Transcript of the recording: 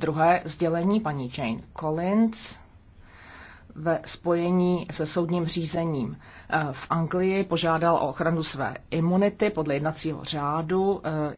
druhé sdělení paní Jane Collins ve spojení se soudním řízením eh, v Anglii požádal o ochranu své imunity podle jednacího řádu. Eh,